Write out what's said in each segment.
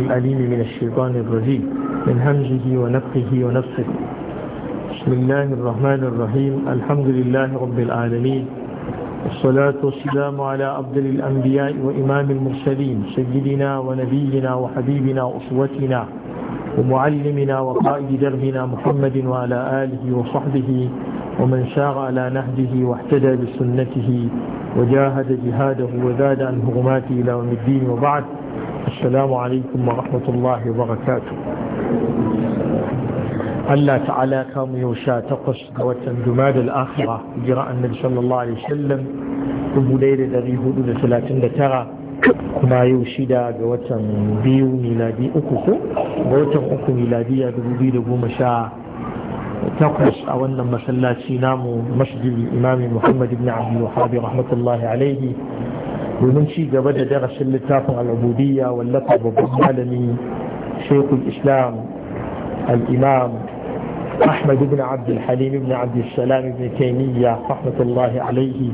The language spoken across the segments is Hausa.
الأليم من الشيطان الرجيم من همزه ونفخه ونفسه بسم الله الرحمن الرحيم الحمد لله رب العالمين والصلاة والسلام على عبد الأنبياء وإمام المرسلين سيدنا ونبينا وحبيبنا وأسوتنا ومعلمنا وقائد دربنا محمد وعلى آله وصحبه ومن سار على نهجه واحتدى بسنته وجاهد جهاده وزاد عن هرماته إلى يوم الدين وبعد السلام عليكم ورحمة Allah ta'ala kamu yau sha takwas ga watan juma Jumada al’akhira, jira annabi sallallahu Alaihi Wasallam, 1439, kuma yau shida ga watan biyu miladi uku ko, ga watan uku miladi ya 2018 a wannan masallaci namu masjidin imami Muhammad ibn Abdullahi, rahmatullahi alaihi, domin ci gaba da darasin littafin al'ubudiyya wallafa babban malami shekul islam al'imam ahmad ibn abdulhalim ibn abdulsalam ibn taimiyya rahmatullahi alaihi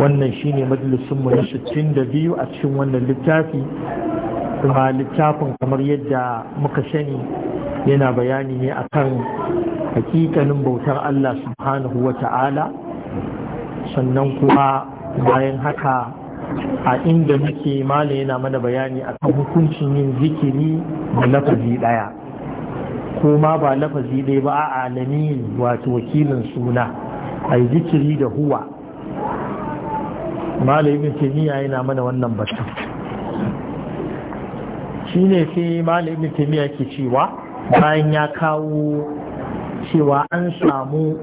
wannan shine mu na 62 a cikin wannan littafi kuma littafin kamar yadda muka sani yana bayani ne akan hakikanin bautar Allah subhanahu wa ta'ala sannan kuma bayan haka a inda muke mala yana mana bayani a kan hukuncin yin zikiri da lafazi ɗaya ko ma ba lafazi ɗaya ba a alami wato wakilin suna a zikiri da huwa mala ibn taymiya yana mana wannan batu shine sai mala ibn taymiya ke cewa bayan ya kawo cewa an samu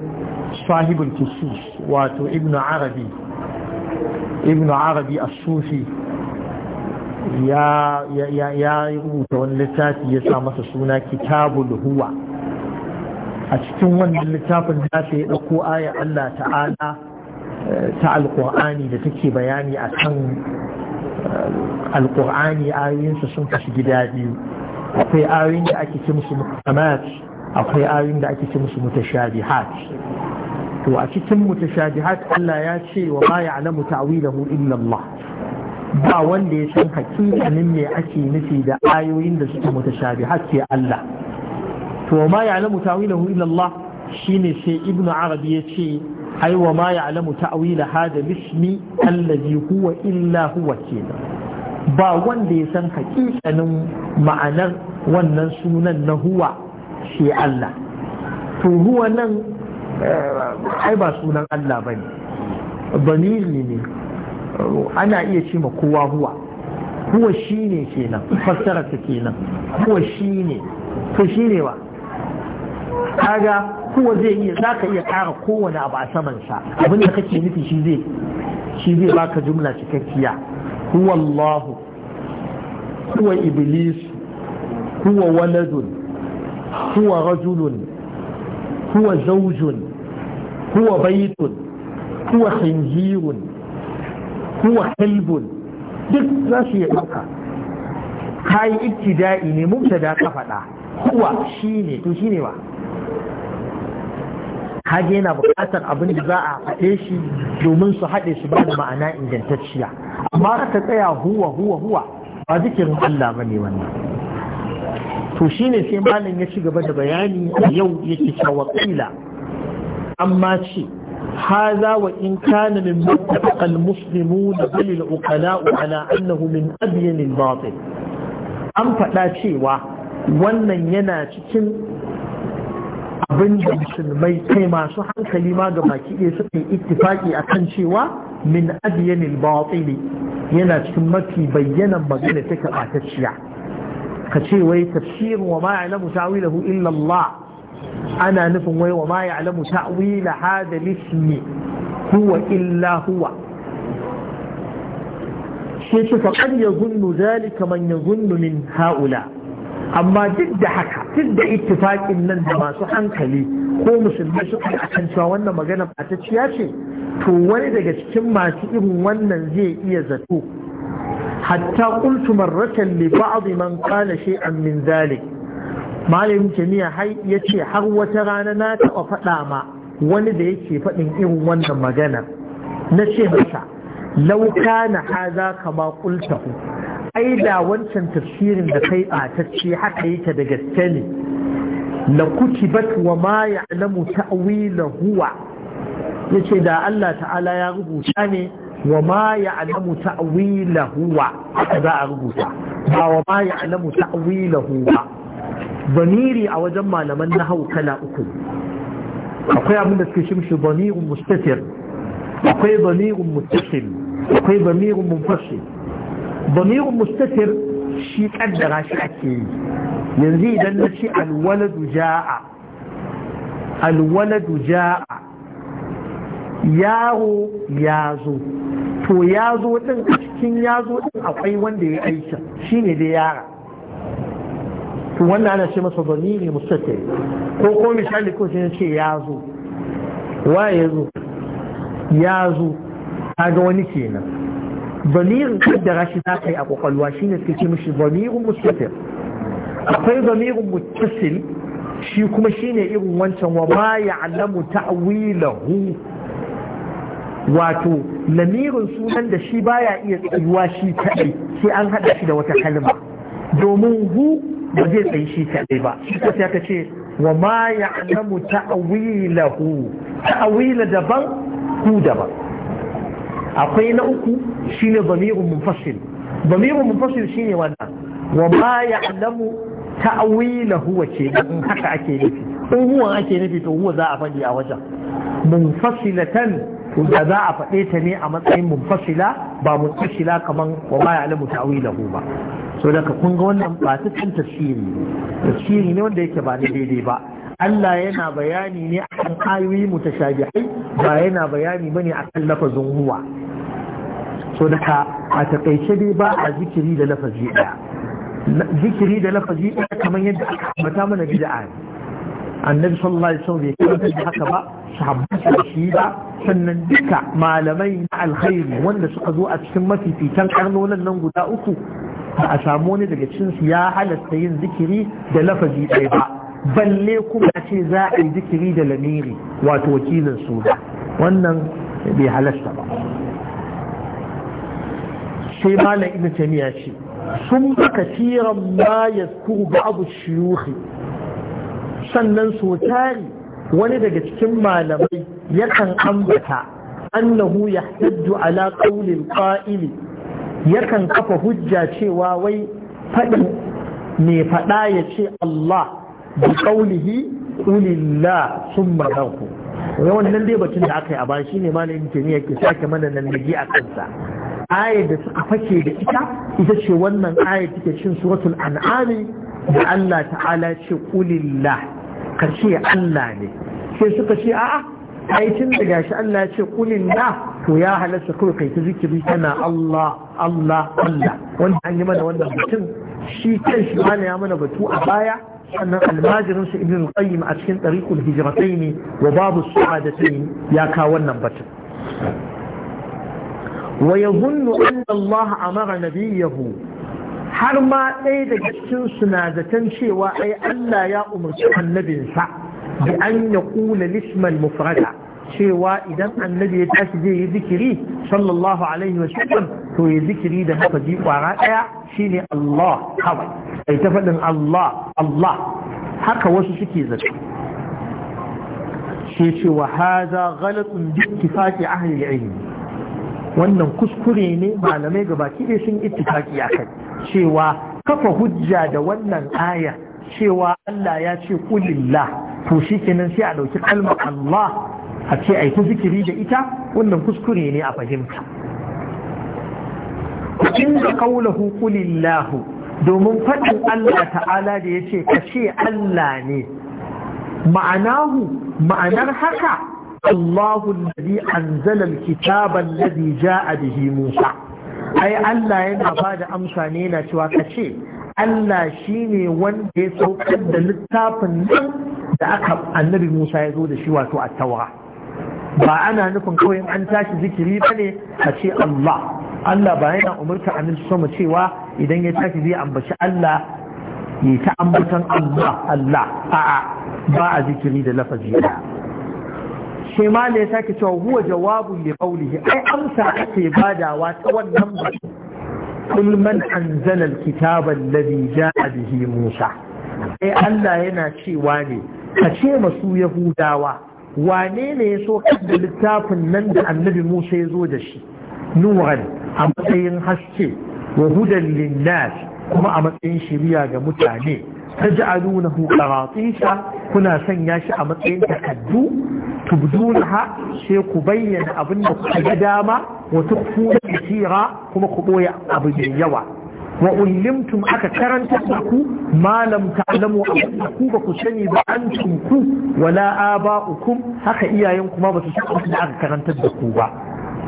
sahibul kusus wato ibn arabi ibn arabi as-sufi ya ya rubuta wani littafi ya sa masa suna kitabul huwa a cikin wannan littafin da ya dauko ayar Allah ta'ala eh, ta alqur'ani da take bayani akan eh, alqur'ani ayoyinsa sun kashi gida biyu akwai ayoyin da ake ce musu muhkamat akwai ayoyin da ake ce musu mutashabihat to a cikin mutashabihat Allah ya ce wa ma ya'lamu ta'wilahu illa Allah ba wanda ya san hakikanin me ake nufi da ayoyin da suke mutashabihat sai Allah to wa ma ya'lamu ta'wilahu illa Allah shine sai Ibn Arabi ya ce ai wa ma ya'lamu ta'wila hada bismi allazi huwa illa huwa kenan ba wanda ya san hakikanin ma'anar wannan sunan na huwa shi Allah to huwa nan ai ba sunan Allah ba ne. banil ne ana iya ce ma kowa huwa huwa ke kenan fassara ta kenan huwa ne, to ne ba kaga huwa zai iya ka iya kara kowane abu a saman sa abin da kake nufi shi zai shi zai baka jumla cikakkiya huwa Allah huwa iblis huwa waladun huwa rajulun huwa zaujun. huwa baitun kuwa hinjirun kuwa kalbun duk za su yi ɗauka kayi ibtida'i ne mubtada ka faɗa shi shine to shine ba kage na buƙatar abin da za a faɗe shi domin su haɗe su ba da ma'ana ingantacciya amma aka tsaya huwa huwa huwa ba zikirin Allah bane wannan to shine sai malam ya ci gaba da bayani a yau yake cewa qila amma ce هذا وإن كان من متفق المسلمون بل العقلاء على أنه من أبين الباطل An faɗa cewa wannan yana cikin abin da musulmai kai masu hankali ma ga baki ɗaya suka yi ittifaki a kan cewa min abiyanil batili yana cikin mafi bayyanan magana take ɓatacciya ka ce wai tafsirin wa ma'alamu tawilahu illa Allah ana nufin wai wa ma alamu ta'wila hadha al huwa illa huwa sai ce kan ya zunnu zalika man ya zunnu min ha'ula amma duk da haka duk da ittifaqin nan da masu hankali ko musulmai suka akan cewa wannan magana ɓatacciya ce to wani daga cikin masu irin wannan zai iya zato hatta qultu marratan li ba'd man qala shay'an min zalik malamin kimiyya har ya ce har wata rana na taɓa faɗa ma wani da yake faɗin irin wannan maganar na ce masa lauka na haza kama kultahu ai da wancan tafsirin da kai ɓatacce haka yake da gaske ne la kutibat wa ma ya'lamu ta'wilahu yace da Allah ta'ala ya rubuta ne wa ma ya'lamu ta'wilahu huwa za a rubuta ba wa ma ya'lamu ta'wilahu huwa. ضميري أو جمع لمن نهو كلا أكل أقوي عمنا تكشمش ضمير مستتر أقوي ضمير متصل أقوي ضمير منفصل ضمير مستتر شيء قدر شيء أكيد ينزي إذا نشي الولد جاء الولد جاء yaro ya zo to ya zo din a cikin ya zo din akwai wanda ya aisha shine dai yara to wannan ana ce masa zamiri mustatir ko ko misali ko sai ce ya zo wa ya zo ya zo kaga wani kenan zamirin da shi za ka yi a kwakwalwa shine suke ce mishi zamirin mustatir akwai zamirin muttasil shi kuma shine irin wancan wa ma alamu ta'wilahu wato lamirin sunan da shi baya iya tsayuwa shi kadai sai an haɗa shi da wata kalma domin hu ba zai tsayi shi kaɗai ba shi ta ka ce wa ma ya alamu hu ta'awila daban hu daban akwai na uku shine bamirun munfasil bamirun munfasil shine wannan wa ma ya alamu ta'awilahu wa ce in haka ake nufi in huwa ake nufi to huwa za a faɗi a wajen munfasilatan to da za a faɗe ta ne a matsayin munfasila ba munfasila kaman wa ma ya alamu ta'awilahu ba so daga kun ga wannan ba ta kan tafsiri tafsiri ne wanda yake ba na daidai ba Allah yana bayani ne akan ayoyi mutashabihai ba yana bayani bane akan lafazin huwa so daga a takaice dai ba a zikiri da lafazi daya zikiri da lafazi daya kamar yadda aka mata mana bid'a ne annabi sallallahu alaihi wasallam bai karanta da haka ba sahabbai da shi ba sannan duka malamai na alkhairi wanda suka zo a cikin mafificen karnonan nan guda uku ba a samu wani daga cinsu ya halasta yin zikiri da lafazi ɗaya ba balle kuma ce za a yi zikiri da lamiri wato wakilin ba wannan bai halasta ba sai malam ibn tamiya ce sun ba kasiran ma ya ba abu shiyuhi sannan so tari wani daga cikin malamai yakan ambata annahu yahtaddu ala qawlil qa'ili yakan kafa hujja cewa wai faɗin mai faɗa ya ce Allah bi ƙaunihi ulillah sun maganku yawan dai batun da aka yi a ba shi ne malamin kimiyya ke sake mana nan da a kansa ayar da suka fake da ita ita ce wannan ayar take cin suratul an'ami da Allah ta'ala ce ulillah ka ce Allah ne sai suka ce a'a ai tun daga shi Allah ya ce kunin na to ya halatta kawai kai ta zikiri kana Allah Allah Allah wanda an yi mana wannan mutum shi kan shi mana ya mana batu a baya sannan almajirin su ibn qayyim a cikin tariqul hijratayn wa babu su'adatayn ya kawo wannan batun wa yadhunnu anna Allah amara nabiyahu har ma ɗaya daga cikin sunazatan cewa ai Allah ya umarci annabinsa bi an ya kula lisman mufrada cewa idan annabi ya tashi zai yi zikiri sallallahu alaihi wasallam to ya zikiri da hafazi kwara daya shine Allah kawai ai ta faɗin Allah Allah haka wasu suke zato sai ce wa haza ghalatun bi ittifaqi ahli ilmi wannan kuskure ne malamai gabaki ɗaya sun ittifaqi akai cewa kafa hujja da wannan aya cewa Allah ya ce kulillah to kenan sai a ɗauki kalmar Allah a ce a yi ta zikiri da ita wannan kuskure ne a fahimta inda kaulahu kulillahu domin faɗin Allah ta'ala da yace ce Allah ne ma'anahu ma'anar haka Allahu alladhi anzala alkitaba alladhi a bihi Musa ai Allah yana ba amsa ne yana cewa ka Allah shine wanda ya saukar da littafin nan da aka annabi Musa ya zo da shi wato a tawara. ba ana nufin kawai an tashi zikiri ba ne a ce Allah Allah ba yana umarta annabi sama cewa idan ya tashi zai ambaci Allah ya ta ambatan Allah Allah a'a ba a zikiri da lafazi ba sai ma ne ya sake cewa huwa jawabun ya qawlihi ai amsa ake badawa ta wannan ba kul man anzala alkitaba alladhi ja'a bihi Musa ai Allah yana cewa ne ka ce masu yahudawa wane ne ya so da littafin nan da annabi musa ya zo da shi nuran a matsayin haske wa hudan linnas kuma a matsayin shiriya ga mutane ta ji aluna hukaratisha kuna sanya shi a matsayin takaddu ha sai ku bayyana abin da kuka ga dama wa kuma ku ɓoye abu mai yawa wa aka karanta da ku malam ta'lamu ku ba ku sani ba antum ku wala aba'ukum haka iyayen ku ma ba su san da aka karanta da ku ba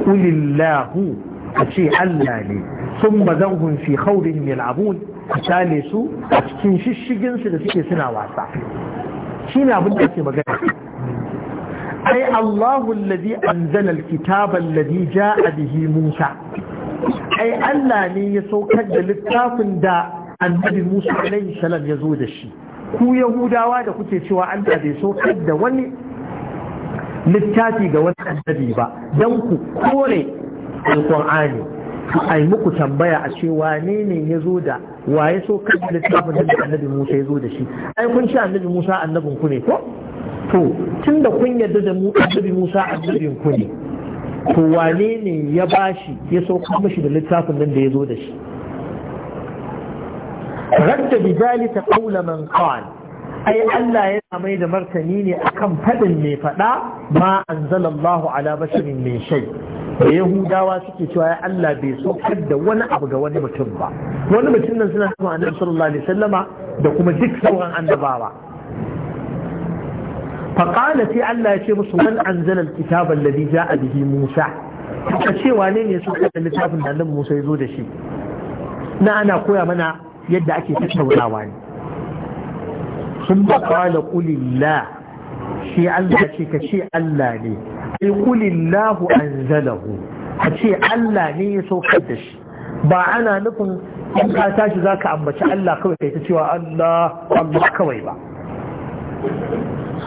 ulillahu a ce Allah ne sun bazanhum fi khawrin yal'abun ku tale su a cikin shishigin su da suke suna wasa shine abin da ake magana ai Allahu alladhi anzala alkitaba alladhi ja'a bihi Musa ai Allah ne ya saukar da littafin da annabi Musa alaihi salam ya zo da shi ku Yahudawa da kuke cewa Allah bai saukar da wani littafi ga wani annabi ba Dan ku kore alqur'ani Ai muku tambaya a ce wane ne ya zo da waye so kan littafin da annabi Musa ya zo da shi ai kun ce annabi Musa annabin ku ne ko to tunda kun yarda da mu annabi Musa annabin ku ne to wane ne ya bashi ya sauka mashi da littafin nan da ya zo da shi radda bi zalika qawla man qala ai Allah ya mai da martani ne akan fadin mai fada ma anzalallahu ala basharin min shay da yahudawa suke cewa ya Allah bai saukar da wani abu ga wani mutum ba wani mutum nan suna cewa annabi sallallahu alaihi wasallama da kuma duk sauran annabawa faƙala sai Allah ya ce musu man anzalal kitabal ladhi a bihi Musa ka ce wane ne su da littafin da nan Musa ya zo da shi na ana koya mana yadda ake tattaunawa ne sun ba ƙwala ƙulillah shi Allah ce ka ce Allah ne ai ƙulillahu an zalahu ka ce Allah ne ya saukar da shi ba ana nufin in ka tashi za ka ambaci Allah kawai ka ita cewa Allah Allah kawai ba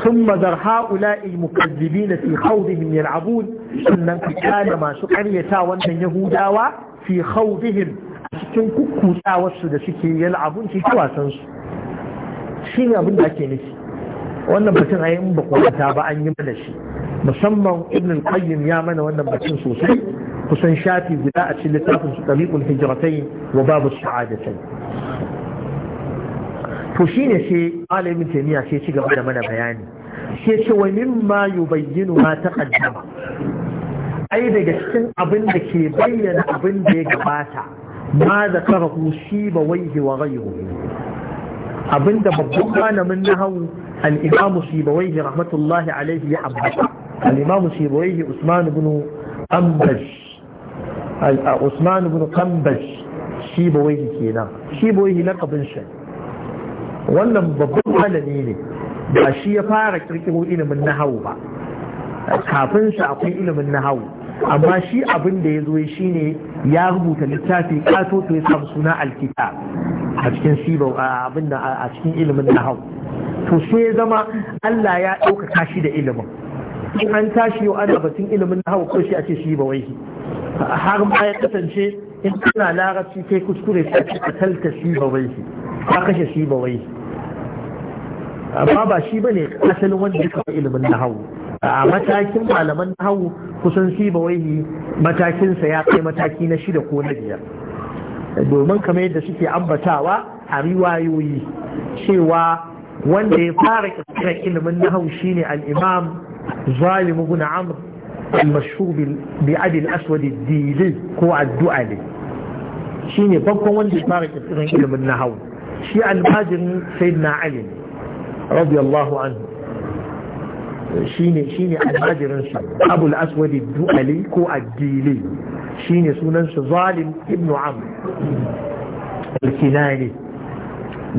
ثم ذر هؤلاء المكذبين في خوضهم يلعبون sannan ka masu karyata wannan yahudawa fi khawdihim a cikin kukkuta wasu da suke yal'abun ci wasan su shi abin da ake nufi wannan batun a in ba kwanta ba an yi mana shi musamman ibn al-qayyim ya mana wannan batun sosai kusan shafi guda a cikin littafin su tariqul hijratain wa babu sa'adatain to ne sai alamin taimiyya sai ci gaba da mana bayani sai ce wa mimma yubayyinu ma taqaddama ai daga cikin abin da ke bayyana abin da ya gabata ma da zakarahu shi ba waihi wa ghayruhu abin da babban malamin nahawu al-imamu sibawaihi rahmatullahi alaihi ya abbata al-imamu sibawaihi usman ibn ambash Usman ibn Kambash shi bawai kenan shi na lakabin shi wannan babban malami ne ba shi ya fara kirkiro ilimin nahawu ba kafin sa akwai ilimin nahawu amma shi abin da ya zo shi ne ya rubuta littafi kato to ya samu suna alkita a cikin sibo abin da a cikin ilimin nahawu to sai ya zama Allah ya ɗaukaka shi da ilimin in an tashi yau ana batun ilimin nahawu ko shi a ce shi ba wai har ma ya kasance in kana larabci kai kuskure sai ka katalta shi ba wai ka kashe shi ba wai amma ba shi bane asalin wanda ya kafa ilimin nahawu a matakin malaman nahawu kusan shi ba wai matakinsa ya kai mataki na shida ko na biyar domin kamar yadda suke ambatawa a riwayoyi cewa wanda ya fara kirkirar ilimin nahawu shine al-imam zalim ibn amr المشهور بعد الأسود الديلي هو الدعالي شيني بقى وان بارك إذن إلى من نهو شيء المهاجر سيدنا علي رضي الله عنه شيني شيني المهاجر أبو الأسود الدعالي هو الديلي شيني سنن ظالم ابن عمرو الكناني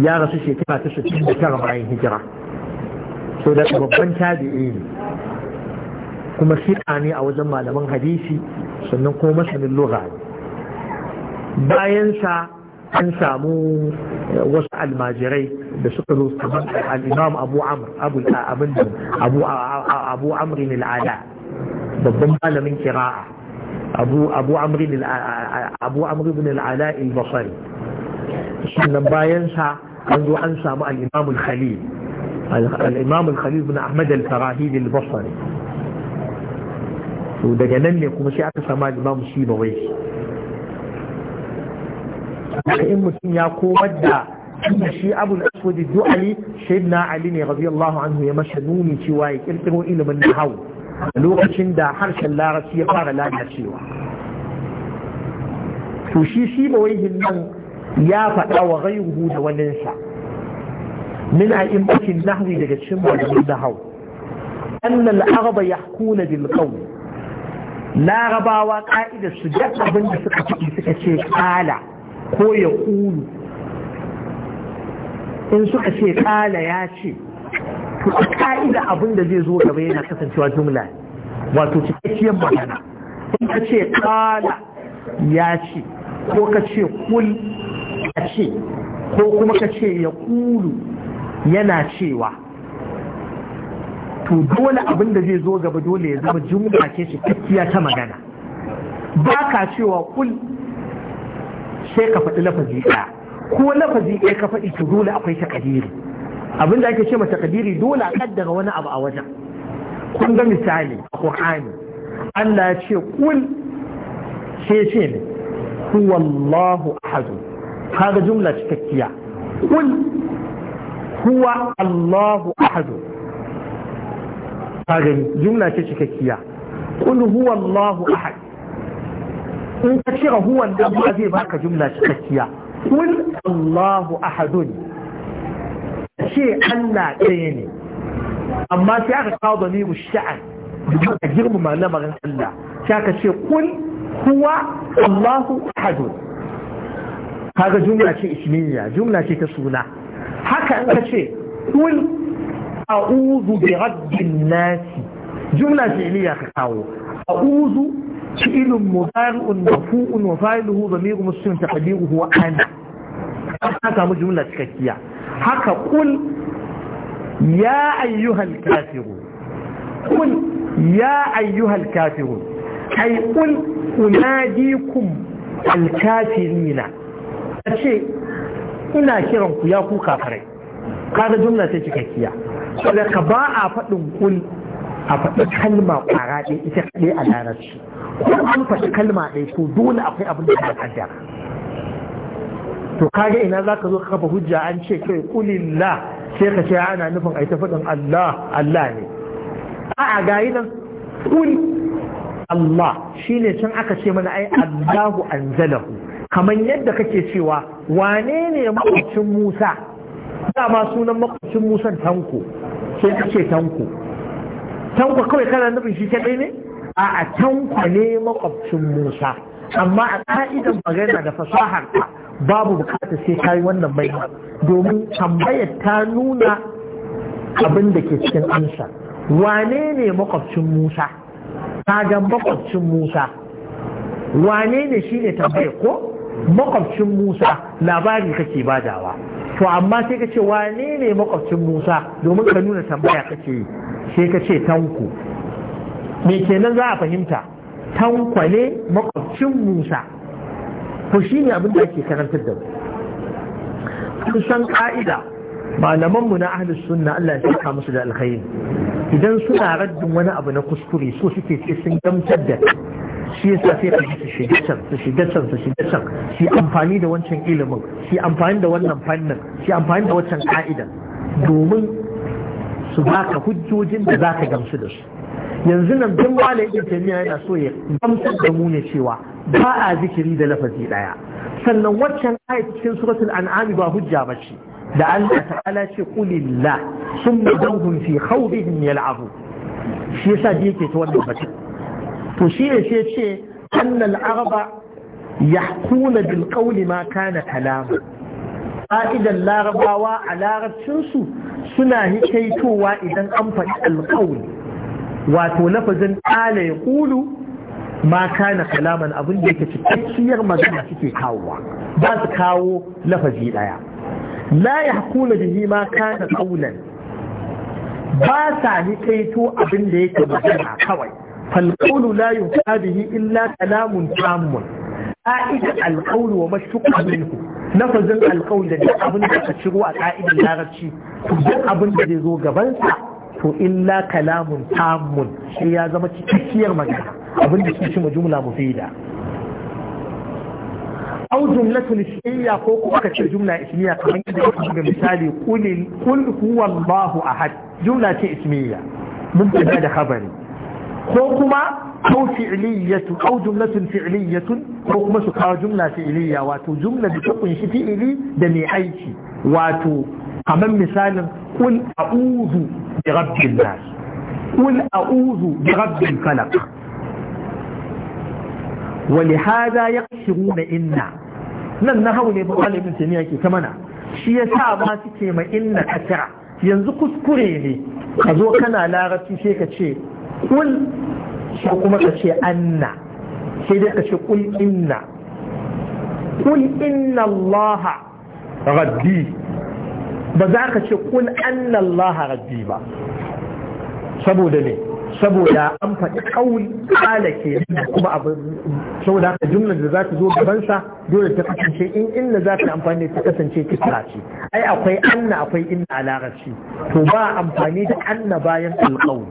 يا رسول شيء كما تشتكي بكرم عين هجرة سوداء ربان تابعين kuma siƙa ne a wajen malaman hadisi sannan kuma masanin lura ne bayansa an samu eh, wasu almajirai da suka zo kamar al'imam abu amr abu eh, abin da abu abu amrin al'ada babban malamin kira'a abu abu amrin abu amr ibn al'ala al sannan bayansa an zo an samu al-imam al-khalil al-imam al-khalil ibn ahmad al-farahidi al-basri to daga nan ne kuma shi aka sama limamu shi ba wai in mutum ya komar da shi abu da aswadi du'ali shaidna ali ne radiyallahu anhu ya masa nuni cewa ya kirkiro ilimin nahawu lokacin da harshen larabci ya fara lalacewa to shi shi ba wai nan ya faɗa wa ghayruhu da waninsa min a'immatin nahwi daga cikin malamin nahawu أن العرب يحكون بالقول larabawa ka'idar su duk abin da suka ciki suka ce kala ko ya kulu in suka ce kala ya ce to a ka'ida abin da zai zo gaba yana kasancewa jumla wato cikakkiyar magana in ka ce kala ya ce ko ka ce kul ya ce ko kuma ka ce ya kulu yana cewa to dole abin da zai zo gaba dole ya zama jumla shi cikakkiya ta magana ba ka cewa kul sai ka faɗi lafazi ɗaya ko lafazi ɗaya ka faɗi to dole akwai takadiri abin da ake ce mata takadiri dole a kaddara wani abu a wajen kun ga misali a Qur'ani Allah ya ce kul sai ce ne huwallahu ahad kaga jumla cikakkiya kul huwa Allahu ahad gani jumla ce cikakkiya kul huwa Allahu ahad in ka cire huwan da ba zai baka jumla cikakkiya kul Allahu ahadun ce Allah ɗaya ne amma sai aka kawo da miru sha'an a girmama lamarin Allah sai aka ce kul huwa Allahu ahadun kaga jumla ce ismiya jumla ce ta suna haka in ka ce kul a'udhu bi rabbin nasi jumla fi'liya ka kawo a'udhu fi'lun mudari'un marfu'un wa fa'iluhu dhamiru muslim taqdiruhu wa ana ka samu jumla cikakkiya haka kul ya ayyuhal kafirun kul ya ayyuhal kafirun ai alkafirina ce ina kiran ku ya ku kafirai Kada jumla sai cikakkiya ka ba a faɗin kul a faɗi kalma ƙwara ɗaya ita ɗaya a larabci ko an faɗi kalma ɗaya to dole akwai abin da ka kaddara to kaga ina za ka zo ka kafa hujja an ce kai kulillah sai ka ce ana nufin a ta faɗin Allah Allah ne a'a gayi nan kul Allah shine can aka ce mana ai Allahu anzalahu kamar yadda kake cewa wane ne makwacin Musa dama sunan makwacin Musa tanko sai ka ce tanko tanko kawai kana nufin shi ta ne a tanko ne makwabcin musa amma a ka'idan magana da fasahar babu bukata sai kayi wannan bai domin tambayar ta nuna abin da ke cikin amsa wane ne makwabcin musa kagan makwabcin musa wane ne shi ne tambayar ko makwabcin musa labari kake badawa to amma sai ka ce wane ne makwabcin musa domin ka nuna tambaya ka ce, sai ka ce tanku. me kenan za a fahimta tanko ne makwabcin musa to shi ne abin da ake karantar da mu san ka'ida malamanmu na ahlus sunna Allah ya saka musu da alkhairi idan suna raddin wani abu na kuskure so suke ce sun gamtar da shi yasa sai ka su shiga can su shiga can su shiga can shi amfani da wancan ilimin shi amfani da wannan fannin shi amfani da wancan ka'idan domin su baka hujjojin da za ka gamsu da su yanzu nan duk malamin ibn taymiya yana so ya gamsar da mu ne cewa ba a zikiri da lafazi daya sannan waccan ayat cikin suratul an'am ba hujja ba ce. da Allah ta'ala ce qulillah summa dawhum fi khawdihim yal'abu shi yasa yake ta wannan batun to shi ya sai ce annal arba ya kuna qawli ma kana kalama ka'idan larabawa a larabcinsu suna hikaitowa idan an faɗi alƙawli wato lafazin ƙala ya ƙulu ma kana kalaman abin da yake cikakkiyar magana suke kawowa ba su kawo lafazi ɗaya la ya kuna bihi ma kana ƙaunan ba sa hikaito abin da yake magana kawai فالقول لا ينفع به إلا كلام تام قائد القول وما اشتق منه نفذ القول الذي أبن تشروا قائد الغرشي كذا أبن الذي زو قبلتا إلا كلام تام هي زمت كثير مجانا أبن تشروا جملة مفيدة أو جملة اسمية فوق وقت جملة اسمية كمان مثالي قل قل هو الله أحد جملة اسمية ممكن هذا خبري ko kuma ko fi'liyatu ko jumlatun fi'liyatun ko kuma su kawo jumla fi'liya wato jumla da ta kunshi fi'ili da mai aiki wato kamar misalin kul a'udhu bi rabbil nas kul a'udhu bi rabbil falaq wa inna nan na hau ba malamin tamiya ke ta mana shi yasa ma suke ma inna kasira yanzu kuskure ne ka zo kana larabci sai ka ce kul ko kuma ka ce anna sai dai ka ce kul inna kul inna allaha rabbi ba za ka ce kul anna allaha rabbi ba saboda ne saboda an faɗi ƙaul kala ke kuma abu saboda haka jumlar da za ta zo gabansa dole ta kasance in inna za ta amfani ta kasance kisa ce ai akwai anna akwai inna a larabci to ba amfani da anna bayan alƙaul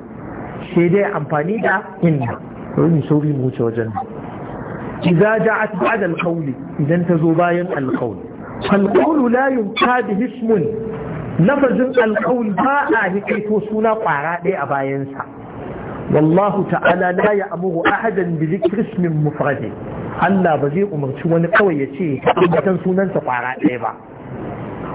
shi dai amfani da inna ruhin sauri mu wuce wajen iza ja'at ba'd al-qawl idan tazo bayan al-qawl al-qawl la yunkadu ismun nafazin al ba'a hike suna ƙwara ɗaya a bayansa. wallahu ta'ala la ya'muru ahadan bi dhikri ismin mufrad Allah ba zai umarci wani kawai ya ce ka ambatan sunansa ƙwara ɗaya ba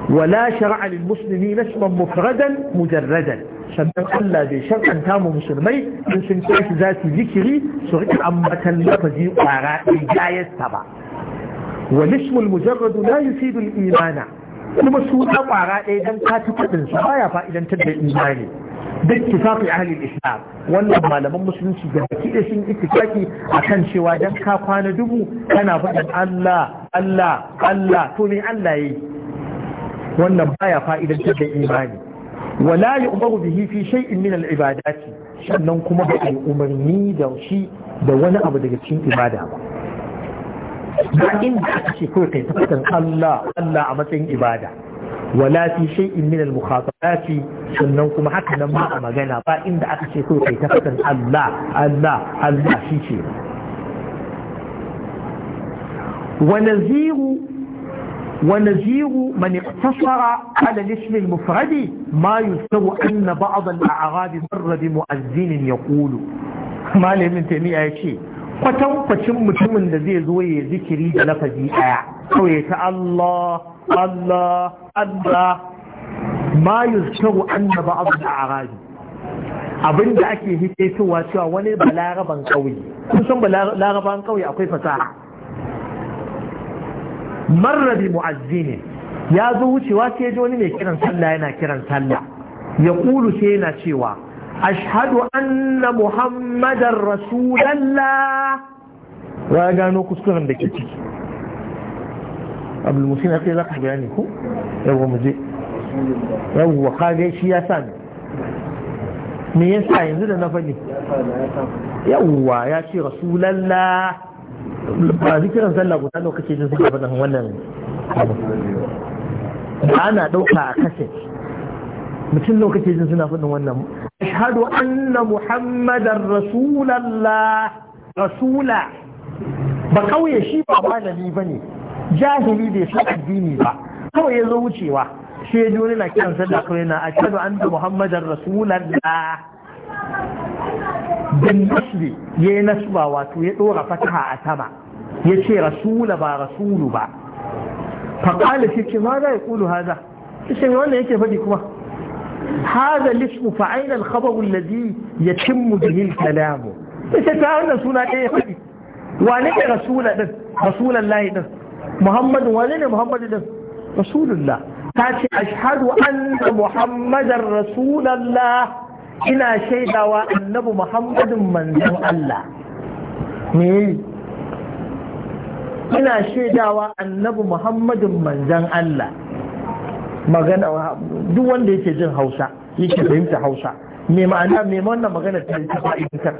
ولا شرع للمسلمين اسما مفردا مجردا sannan Allah bai shar'anta mu musulmai in sun tashi za su zikiri su riƙa ambatan lafazi ƙwara ɗigayarsa ba walismul mujarradu yi yusidul imana kuma suna ƙwara ɗaya dan kati kuɗin sa baya ta da imani duk kifafi ahalin islam wannan malaman musulunci da baki da sun ittifaki kan cewa dan ka kwana dubu kana faɗin Allah Allah Allah to ne Allah yayi wannan baya fa'idantar da imani wala umaru bihi fi shay'in min al-ibadati sannan kuma ba ai umarni da shi da wani abu daga cikin ibada ba ba inda aka ce kawai kai tabbatar Allah Allah a matsayin ibada wala fi shay'in min al-mukhatabati sannan kuma haka nan ba a magana ba inda aka ce kawai kai tabbatar Allah Allah Allah shi ce ونذير ونزير من اقتصر على الاسم المفرد ما يذكر أن بعض الأعراب مر بمؤذن يقول ما لم تمي أشي kwatan kwacin mutumin da zai zo ya zikiri da lafazi ɗaya kawai ta Allah Allah Allah ma yuzkaru anna ba'd abinda ake hiketowa cewa wani balaraban kauye kun san balaraban kauye akwai fasaha Marrabi bi ya zo wucewa sai wani mai kiran sallah yana kiran sallah ya kulu sai yana cewa ashhadu anna muhammadar rasulallah ya gano kuskuren da ke ciki abul musin sai za ka bayani ko yawa mu je yawa kage shi ya sa me yasa yanzu da na faɗi yawa ya ce rasulallah ba zikirin sallah guda nawa kake suka faɗin wannan abu ana ɗauka a kashe. mutum nawa kake suna faɗin wannan ashhadu anna muhammadan rasulallah rasula ba kauye shi ba malami ba ne jahili bai san addini ba kawai ya zo wucewa sai ya ji wani na kiran sallah kawai na ashhadu anna muhammadan rasulallah bin nasbi ya yi nasba wato ya ɗora fataha a sama ya ce rasula ba rasulu ba faƙala shi ce ma za ya ƙulu haza shi ne wannan yake faɗi kuma haza lismu fa'aina alkhabaru alladhi yatimmu bihi alkalamu sai ta wannan suna ɗaya ya faɗi wane ne rasula din rasulullahi din muhammadu wane ne muhammadu din rasulullah ta ce ashhadu anna muhammadar rasulullah ina shaidawa annabi muhammadin manzon Allah me ina shaidawa annabi muhammadin manzon Allah magana duk wanda yake jin hausa yake fahimta hausa me ma'ana me wannan magana ta fa'idantar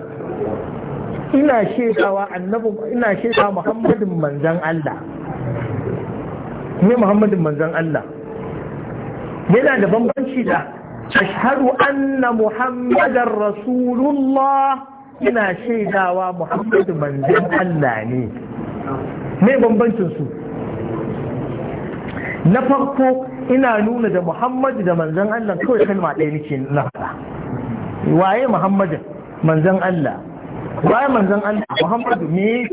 ina shaidawa annabi ina shaidawa muhammadin manzon Allah me muhammadin manzon Allah yana da bambanci da ashhadu anna muhammadar rasulullah ina shaidawa muhammadu manzan Allah ne Mai bambancin su na farko ina nuna da muhammadu da manzan Allah kawai kalma ɗaya nake na faɗa waye muhammadu Manzan Allah waye manzan Allah muhammadu me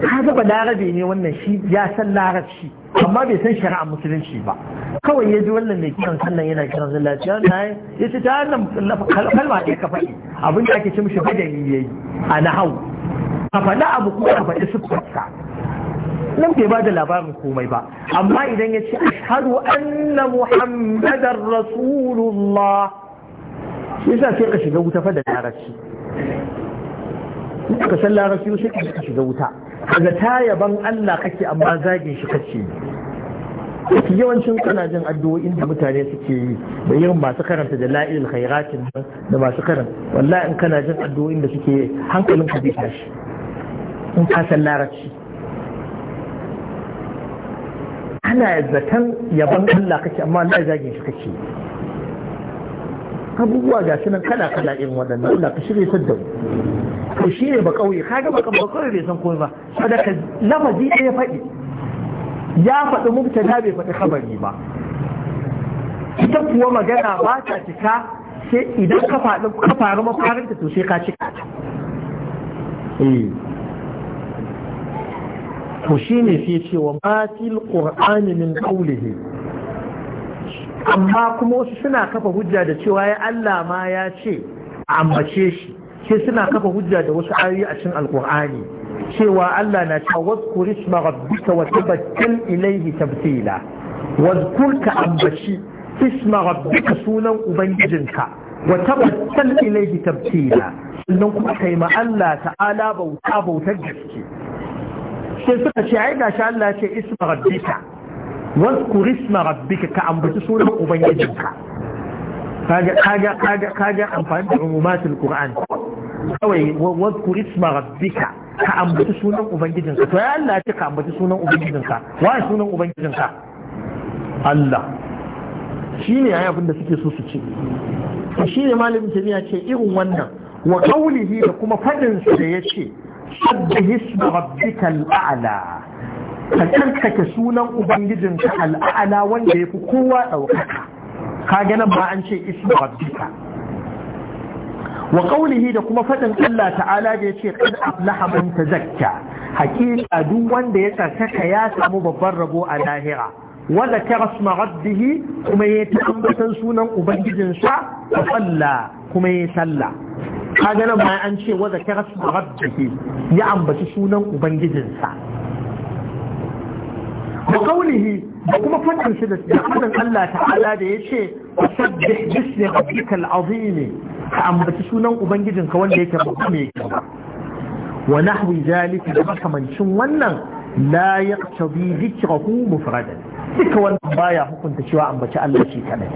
ka ga larabe ne wannan shi ya san shi. amma bai san shari'a musulunci ba kawai ya ji wannan mai kiran nan yana kiran sallah ce na yi ya ce ta wannan kalma ɗaya ka faɗi abin da ake ce mishi badani ya yi a nahau ka faɗi abu ko ka faɗi siffarsa nan bai ba da labarin komai ba amma idan ya ce ashhadu anna muhammadar rasulullah yasa sai ka shiga wuta fa da larabci ka san larabci sai ka shiga wuta kaga ta yaban Allah kake amma zagin shi kace yawancin kana jin addu'o'in da mutane suke yi da irin masu karanta da la'il khairatin da masu karanta wallahi in kana jin addu'o'in da suke hankalin ka zai tashi in ka san larabci ana zaton yaban Allah kake amma Allah zage shi kake abubuwa ga shi nan kala kala irin waɗannan Allah ka shirye sadda to shi ne ba kauye kaga ba kauye bai san komai ba sadaka lamazi ɗaya faɗi ya faɗi mubtada bai faɗi khabari ba ita kuwa magana ba ta cika sai idan ka faɗi ka faru mafarinta to sai ka cika eh. to shi sai ce wa matil qur'ani min qawlihi amma kuma wasu suna kafa hujja da cewa ya Allah ma ya ce a ambace shi sai suna kafa hujja da wasu ayoyi a cikin alqur'ani cewa Allah na ta wadkur isma rabbika wa tabattal ilayhi tabtila wadkur ka ambashi isma rabbika sunan ubangijinka wa tabattal ilayhi tabtila sannan kuma kai ma Allah ta'ala bauta bautar gaske sai suka ce ai gashi Allah ce isma rabbika wadkur isma rabbika ka ambaci sunan ubangijinka kaga kaga kaga kaga amfani da umumatul qur'an kawai wadkuri isma rabbika ka ambaci sunan ubangijinka to ya Allah ce ka ambaci sunan ubangijinka wa sunan ubangijinka Allah Shi ne abin da suke so su ce shi ne malamin jami'a ce irin wannan wa qawlihi da kuma fadin su da ce. sabbi isma rabbika al'ala ka kankake sunan ubangijinka al'ala wanda ya fi kowa ɗaukaka ka ganin ba an ce isma rabbika wa qawlihi da kuma faɗin Allah ta'ala da ya yace qad aflaha man tazakka hakika duk wanda ya tsarkaka ya samu babban rabo a lahira wa zakara isma rabbih kuma ya tambatan sunan ubangijinsa wa salla kuma ya salla kaga nan bayan an ce wa zakara isma rabbih ya ambaci sunan ubangijinsa wa qawlihi da kuma faɗin shi da fadin Allah ta'ala da ya ce. وسبح باسم ربك العظيم فأمبت سنن أبنجدن كوان ليك ربك ونحو ذلك لبك من شوانا لا يقتضي ذكره مفردا ذكر بايا حكم تشواء أمبت الله شيء كمان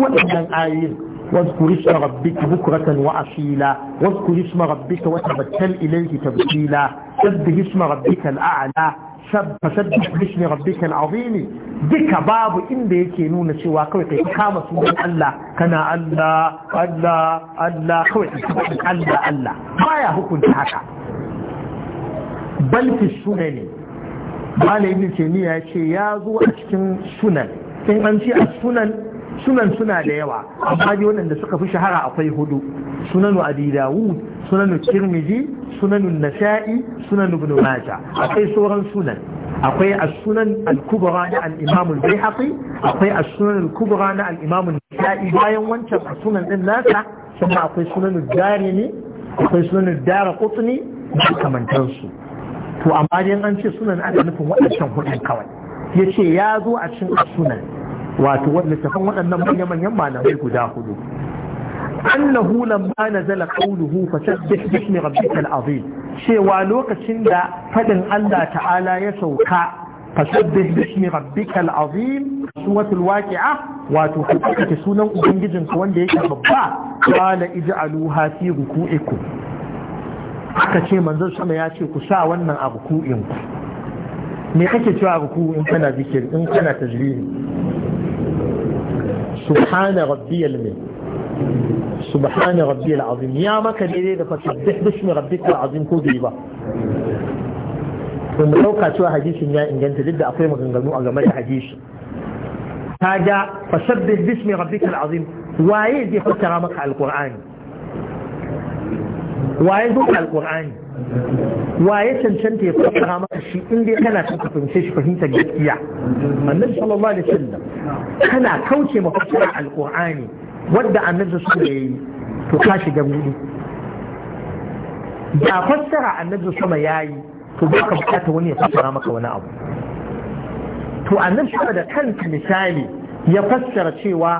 وإنن آيه واذكر اسم ربك بكرة وأصيلا واذكر اسم ربك وتبتل إليه تبتيلا سبح اسم ربك الأعلى سبح سبح باسم ربك العظيم duka babu inda yake nuna cewa kawai kai kama sunan Allah kana Allah Allah Allah kawai kai Allah Allah baya hukunta haka bal fi sunani malai ibn taymiya ya ce ya zo a cikin sunan in an ce a sunan sunan suna da yawa amma dai waɗanda suka fi shahara akwai hudu sunanu abi dawud sunanu tirmidhi sunanu nasa'i sunanu ibn akwai sauran sunan akwai as-sunan al-kubra na al-imam al-bayhaqi akwai as-sunan al-kubra na al-imam an-nasa'i bayan wancan sunan din nasa sannan akwai sunanu darimi akwai sunanu daraqutni da kamantansu to amma dai an ce sunan ana nufin waɗancan hudun kawai yace ya zo a cikin sunan wato littafin waɗannan manya-manyan malamai guda hudu annahu lamma nazala qawluhu fasabbih bismi rabbikal azim cewa lokacin da fadin Allah ta'ala ya sauka fasabbih bismi rabbikal azim suratul waqi'a wato kuka sunan ubangijin ka wanda yake babba qala ij'aluha fi ruku'ikum aka ce manzon sama ya ce ku sa wannan a ruku'in ku me kake cewa ruku'in kana zikiri in kana tajbihi سبحان ربي العظيم سبحان ربي العظيم يا ما كان إلي ذا فتبح بشم ربك العظيم كو ديبا ثم لو كاتوا حديث يا إن جنت لدى أطيما غنغنو أغمال حديث تاجا فسبح باسم ربك العظيم وايه دي حترامك على القرآن وايه دوك على القرآن Waye cancanta ya fassara maka shi in dai kana son ka fahimce shi fahimtar gaskiya annabi sallallahu alaihi wasallam kana kauce ma fassara alqur'ani wanda annabi su ya yi to ka shiga gudu da fassara annabi sama yayi to ka bukata wani ya fassara maka wani abu to annabi sama da kanta misali ya fassara cewa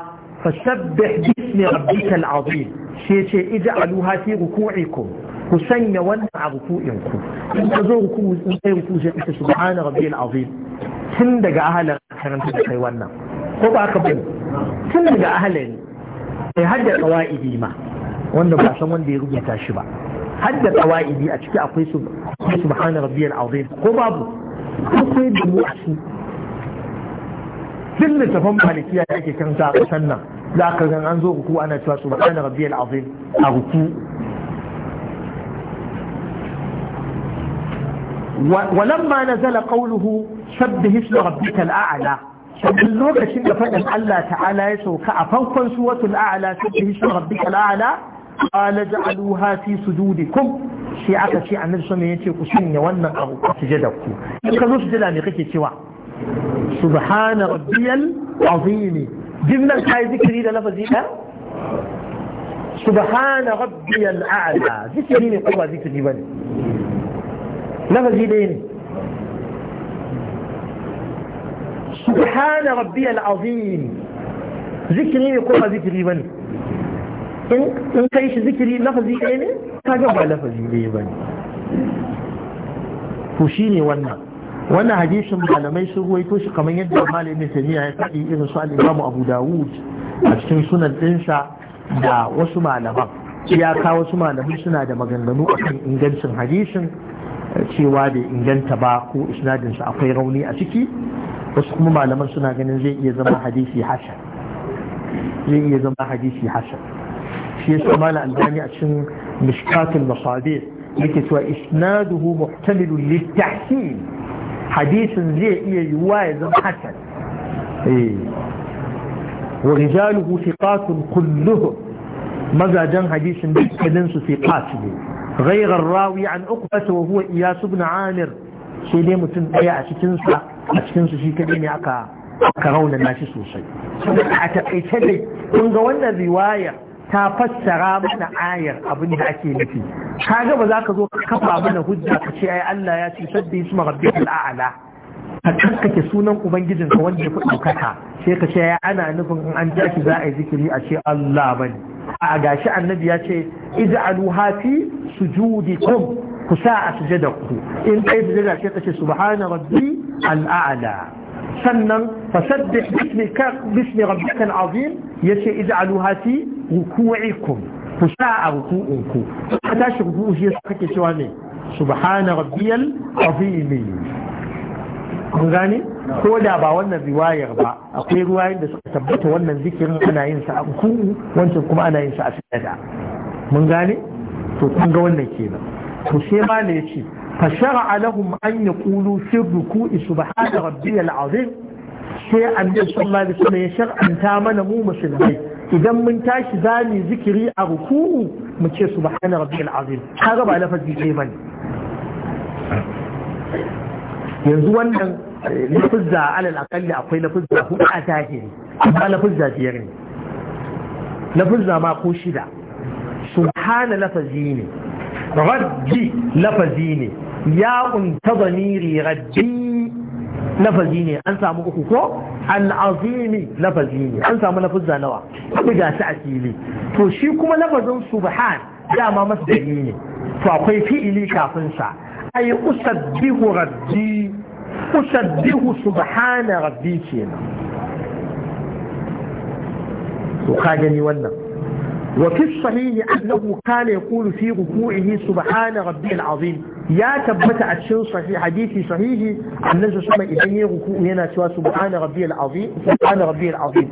fasabbih bismi rabbikal azim sai ce ij'aluha fi ruku'ikum ku sanya wannan abu ku'in ku in ka zo ku in kai ku sai ka subhana rabbiyal azim tun daga ahalan karanta da kai wannan ko ba ka bani tun daga ahalan sai hadda qawaidi ma wanda ba san wanda ya rubuta shi ba hadda qawaidi a ciki akwai subhana rabbiyal azim ko babu akwai da mu a Tun da tafan malikiya da ake kan sa sannan, za ka gan an zo ku ana cewa subhana rabbiyal azim a ruku ولما نزل قوله سبه اسم ربك الأعلى sabbin lokacin da faɗin Allah ta'ala ya sauka a farkon suwatul a'la sabbihi ismi rabbikal a'la qala ja'aluha fi sujudikum shi aka ce annabi sallallahu alaihi yace ku sanya wannan abu a sujudarku in ka zo sujada me kake cewa subhana rabbiyal azim dinnan kai zikiri da lafazi da subhana rabbiyal a'la zikiri ne ko ba zikiri bane lafazi ɗaya ne subhana rabbi al'azim zikiri ne ko ba zikiri ba ne in kai shi zikiri lafazi ɗaya ne ka ga ba lafazi ɗaya ba ne Ku shi ne wannan wannan hadisin malamai sun ruwaito shi kamar yadda malamin tamiya ya faɗi irin su al'imamu abu dawud a cikin sunan ɗinsa da wasu malaman ya kawo wasu malamai suna da maganganu akan ingancin hadisin cewa bai inganta ba ko isnadinsa akwai rauni a ciki wasu kuma malaman suna ganin zai iya zama hadisi hasan zai iya zama hadisi hasan shi yasa mala albani a cikin mishkatul masabir yake cewa isnaduhu muhtamilun litahsin hadisin zai iya yiwuwa ya zama hasan eh. wa rijaluhu thiqatun kulluhum mazajan hadisin dukkaninsu thiqat ne غير الراوي عن عقبة وهو إياس بن عامر sai dai mutum ɗaya a cikinsa a cikinsu shi kaɗai ne aka rauna nashi sosai a taƙaice dai kun wannan riwaya ta fassara mana ayar abin da ake nufi kaga ba za ka zo ka kafa mana hujja ka ce Allah ya ce sabbi isma rabbikal a'la ka kankake sunan ubangijinka wanda ya fi ɗaukaka sai ka ce ana nufin in an tashi za a yi zikiri a ce Allah bane A'a gashi annabi ya ce ij'aluha fi sujudikum ku sa a sujadaku in kai sujada sai kace subhana rabbi al'ala sannan fasabbih bismika bismi rabbika al'azim yace ij'aluha fi ruku'ikum ku sa a ruku'unku ka tashi ruku'u shi yasa kake cewa ne subhana rabbiyal azim kun gane ko da ba wannan riwayar ba akwai ruwayoyin da suka tabbata wannan zikirin ana yin sa a ruku'u wancan kuma ana yin sa a sujada mun gane to kun ga wannan kenan to sai ma ne yace fa shar'a lahum an yaqulu fi ruku'i subhana rabbiyal azim sai annabi sallallahu alaihi wasallam ya shar'anta mana mu musulmai idan mun tashi za mu zikiri a ruku'u mu ce subhana rabbiyal azim ga ba lafazi dai bane yanzu wannan lafizza alal akalli akwai lafizza hudu a zahiri amma lafizza biyar ne lafizza ma ko shida subhana lafazi ne rabbi lafazi ne ya ta niri rabbi lafazi ne an samu uku ko al'azimi lafazi ne an samu lafazza nawa buga shi a fili to shi kuma lafazin subhan dama masdari ne to akwai fi'ili kafin sa ay usabbihu rabbi usabbihu subhana rabbi kenan to ka gani wannan وفي الصحيح أنه كان يقول في ركوعه سبحان ربي العظيم يا تبت أتشن صحيح حديثي صحيح أن نزل سمع إذن ركوع هنا سوى سبحان ربي العظيم سبحان ربي العظيم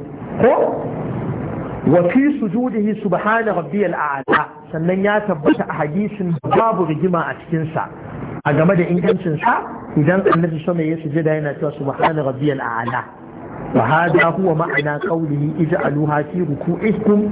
وفي سجوده سبحان ربي الأعلى سنن يا تبت a باب رجما rigima أجمد إن a game da ingancinsa idan annabi sama ya sujada yana cewa وهذا هو معنى قوله اجعلوها في ركوعكم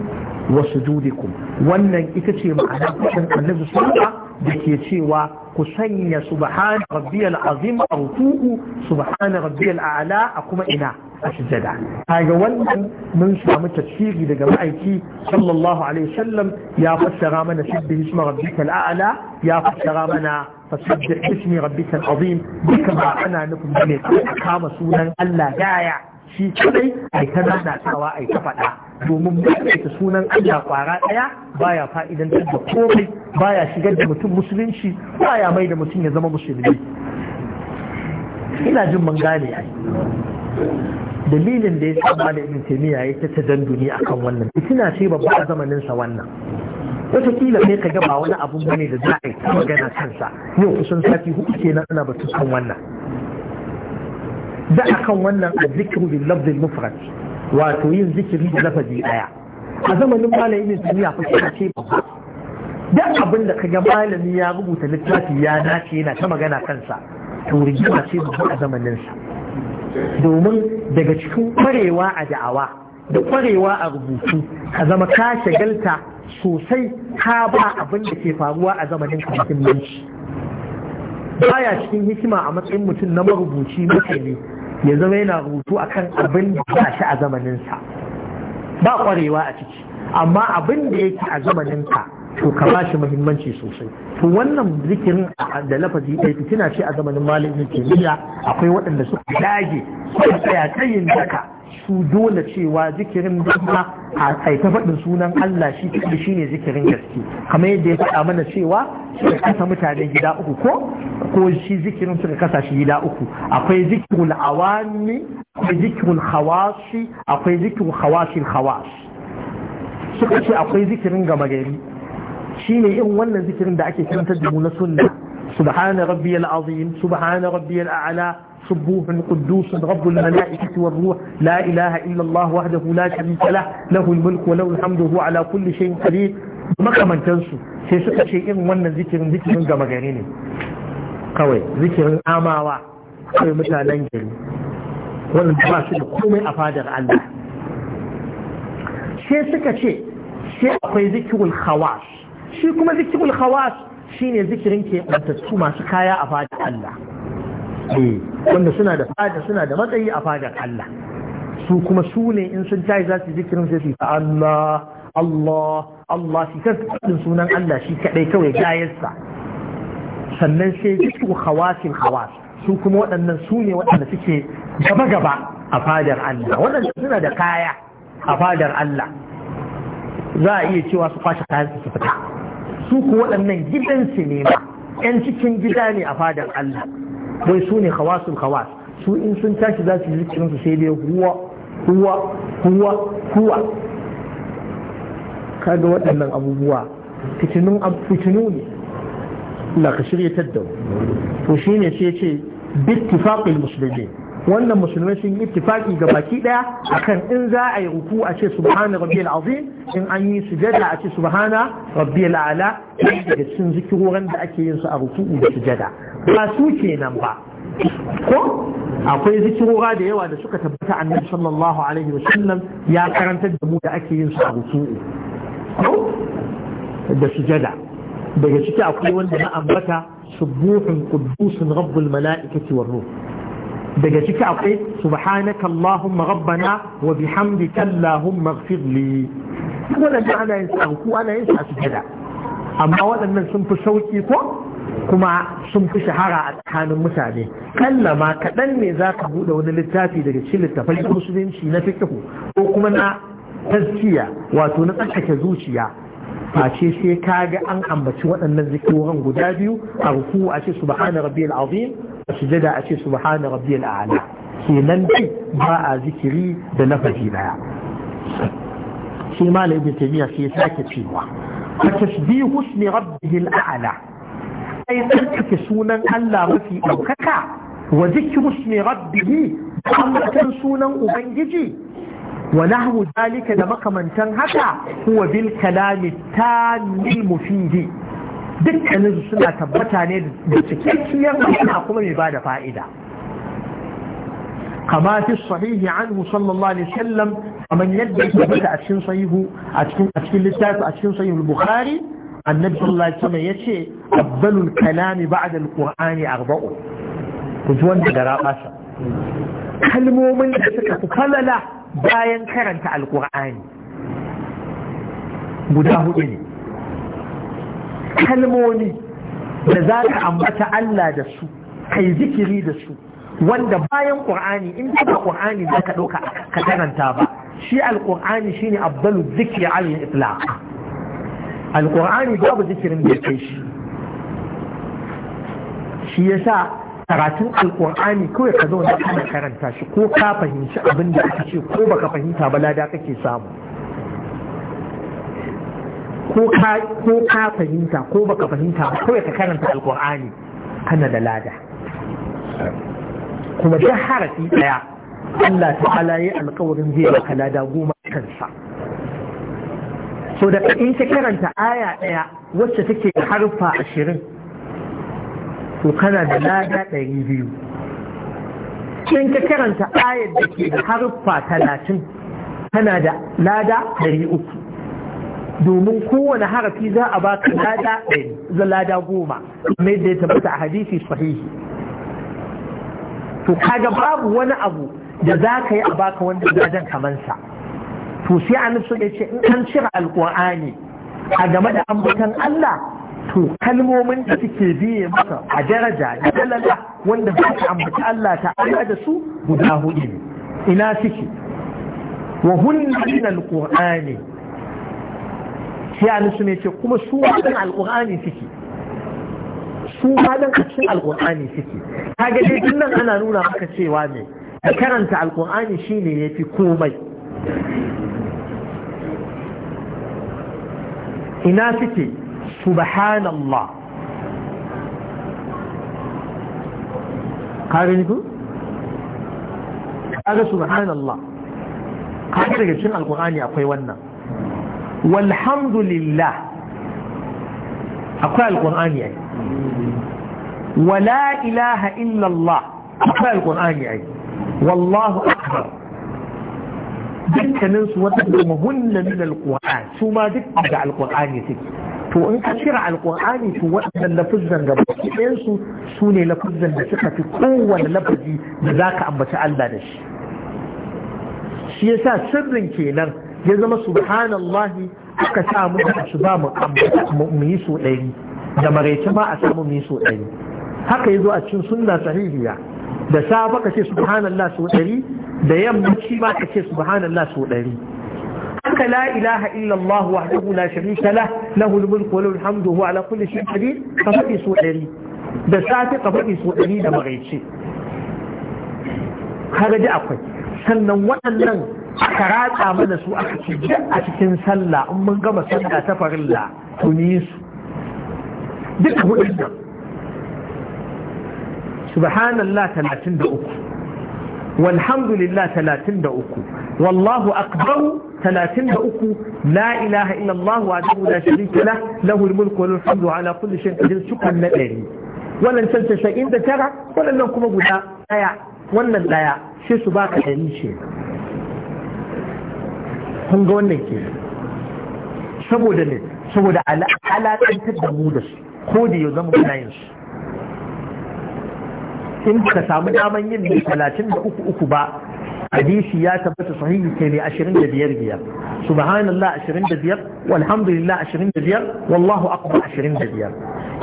وسجودكم wannan ita ce ma'ana kusan annabi sunna da ke cewa ku sanya subhana rabbiyal azim a ruku'u subhana rabbiyal a'la a kuma ina a sujada kaga wannan mun samu tafsiri daga ma'aiki sallallahu alaihi wasallam ya fassara mana sabbih isma rabbikal a'la ya fassara mana fasabbih ismi rabbikal azim duka ana nufin kama sunan Allah gaya shi kadai ai ta dadatawa ai ta faɗa domin ta sunan Allah kwara ɗaya baya fa'idantar da komai baya shigar da mutum musulunci baya mai da mutum ya zama musulmi ina jin mangane ai dalilin da ya sa da ibn taymiya ya ta tajanduni akan wannan fitina ce babba a zamanin sa wannan wataƙila sai ka ga ba wani abun bane da za a yi magana kansa yau kusan sati hukuke kenan ana batun kan wannan da akan wannan azzikiru bil lafzil mufrad wato yin zikiri da lafazi daya a zamanin malamin duniya fa suka ce ba abin da kaga malami ya rubuta littafi ya nace yana ta magana kansa to rigima ce ba a zamanin sa domin daga cikin kwarewa a da'awa da kwarewa a rubutu ka zama ka shagalta sosai ka ba abin da ke faruwa a zamanin ka baya cikin hikima a matsayin mutum na marubuci mutane ya zama yana rubutu akan abin da ba shi a zamaninsa ba kwarewa a ciki amma abin da yake a zamaninka to ka ba shi muhimmanci sosai to wannan zikirin da lafazi ɗaya fitina shi a zamanin malamin kimiyya akwai waɗanda suka dage suka tsaya tsayin daka su dole cewa zikirin dama a ta faɗin sunan Allah shi kuma shi ne zikirin gaske kamar yadda ya faɗa mana cewa suka kasa mutane gida uku ko ko shi zikirin suka kasa shi gida uku akwai zikirul awami akwai zikirul hawashi akwai zikirul hawashin hawashi suka ce akwai zikirin gama gari shi ne in wannan zikirin da ake kantar da mu na sunna سبحان ربي العظيم سبحان ربي الأعلى سبوح قدوس رب الملائكة والروح لا إله إلا الله وحده لا شريك له له الملك وله الحمد وهو على كل شيء قدير makamantansu sai suka irin wannan zikirin zikirin gama gari kawai zikirin amawa kawai mutanen gari wannan ba su da komai a fadar Allah sai suka ce sai akwai zikirul khawas shi kuma zikirul shine zikirin ke masu kaya a fadar Allah wanda suna da fada suna da matsayi a fadar Allah su kuma su ne in sun tashi za su zikirin sai su yi Allah Allah Allah shi kan sunan Allah shi kaɗai kawai gayarsa sannan sai zikir hawasin hawas su kuma waɗannan su ne waɗanda suke gaba gaba a fadar Allah waɗanda suna da kaya a fadar Allah za a iya cewa su kwashe kayan su fita su ku waɗannan gidansu ne ma ‘yan cikin gida ne a fadar Allah wai su ne khawasul khawas su in sun tashi za su yi su sai dai huwa huwa huwa huwa kaga waɗannan abubuwa fitinu ne Allah ka shirya tadda to shine sai ce bittifaqil muslimin wannan musulmai sun yi ittifaki ga baki daya akan in za a yi ruku a ce subhana rabbiyal azim in an yi sujada a ce subhana rabbiyal ala daga cikin zikirorin da ake yin su a ruku da sujada ba su kenan ba ko akwai zikirora da yawa da suka tabbata annabi sallallahu alaihi wasallam ya karantar da mu da ake yin su a ruku da sujada daga ciki akwai wanda na ambata subuhun quddusun rabbul mala'ikati war ruh daga ciki akwai subhanaka allahumma rabbana wa bihamdika allahumma ighfirli wannan wadannan ana yin sanku ana yin su sujada amma waɗannan sun fi sauki ko kuma sun fi shahara a tsakanin mutane Kalla ma kaɗan ne za ka buɗe wani littafi daga cikin littafai musulunci na fikihu ko kuma na tazkiya wato na tsarkake zuciya A ce sai ka ga an ambaci waɗannan zikirorin guda biyu a ruku a ce subhana rabbiyal azim sujada a ce subhana rabbiyal a'la kenan dai ba a zikiri da nafaji daya shi malam ibn taymiya sai ya sake cewa tasbihu ismi rabbihil a'la ai tsarkake sunan Allah mafi ɗaukaka wa zikiru ismi rabbihi ambatan sunan ubangiji wa nahwu zalika da makamantan haka huwa bil kalami tamil mufidi dukkanin suna tabbata ne da cikakkiyar magana kuma mai bada fa'ida kama fi sahihi musamman sallallahu alaihi wasallam kaman yadda ya bata a cikin sahihu a cikin littafi a cikin sahihu bukhari annabi sallallahu alaihi wasallam yace afdalul kalami ba'da alqur'ani arba'u ku ji wanda da rabasa kalmomin da suka fi falala bayan karanta alqur'ani guda hudu ne kalmomi da za ka ambata Allah da su kai zikiri da su wanda bayan ƙur'ani in ba ƙur'ani za ka ɗauka ka karanta ba shi alƙur'ani shine abdalu zikiri alal itlaq alƙur'ani babu zikirin da kai shi shi yasa karatun alƙur'ani kawai ka zauna kana karanta shi ko ka fahimci abin da aka ce ko baka fahimta ba lada kake samu ko ka fahimta ko baka fahimta ba kawai ka karanta alkur'ani kana da lada kuma duk harafi daya Allah ala yi alkawarin zai baka lada goma kansa so da in ka karanta aya daya wacce take da harfa ashirin to kana da lada ɗari biyu in ka karanta ayar da ke da harfa talatin kana da lada ɗari uku domin kowane harafi za a baka lada za lada goma kamar da ya tabbata a hadisi sahihi to kaga babu wani abu da za ka yi a baka wanda ladan kamansa to sai an so ya ce in an cire alkur'ani a game da ambatan Allah to kalmomin da suke biye maka a daraja da dalala wanda za ka ambaci Allah ta ta'ala da su guda hudu ne ina suke wa hunna min sai su ne ce kuma su waɗin alƙur'ani suke su waɗin a cikin alƙur'ani suke ta gaje tun nan ana nuna maka cewa ne da karanta alƙur'ani shi ne ya fi komai ina suke subhanallah kare ku? kaga subhanallah kaga daga cikin alƙur'ani akwai wannan walhamdulillah akwai alƙur'ani ai wala ilaha illallah akwai alƙur'ani ai wallahu akbar dukkanin su wata kuma hunna min alƙur'an su ma duk daga alƙur'ani suke to in ka cire alƙur'ani to waɗannan lafuzan gaba ɗayan su su ne lafuzan da suka fi kowane lafazi da za ka ambaci Allah da shi shi yasa sirrin kenan ya zama subhanallah, aka sa mu da asuba mu mu yi so ɗari da maraice ma a samu mu yi so ɗari haka ya zo a cikin sunna sahihiya da safa ka ce subhanallah so ɗari da yammaci ma ka ce subhanallah so ɗari haka la ilaha illallah wahdahu la sharika lah lahu al-mulku wa lahu hamdu huwa ala kulli shay'in qadir ka faɗi so ɗari da safe ka faɗi so ɗari da maraice kaga ji akwai sannan waɗannan aka ratsa mana su aka ce a cikin sallah in mun gama sallah ta farilla tuni su duk hudun nan subhanallah 33 walhamdulillah 33 wallahu akbar 33 la ilaha illallah wa dahu la sharika lah lahu almulku wal hamdu ala kulli shay'in qadir shukran na dari wannan can tara, wannan kuma guda daya wannan daya sai su baka dari shi. kun ga wannan ke saboda ne saboda alaƙantar da mu da su ko da yau zama muna yin su in ka samu daman yin mai talatin da uku uku ba hadisi ya tabbata sahihi ke ne ashirin da biyar biyar subhanallah ashirin da biyar walhamdulillah ashirin da biyar wallahu akbar ashirin da biyar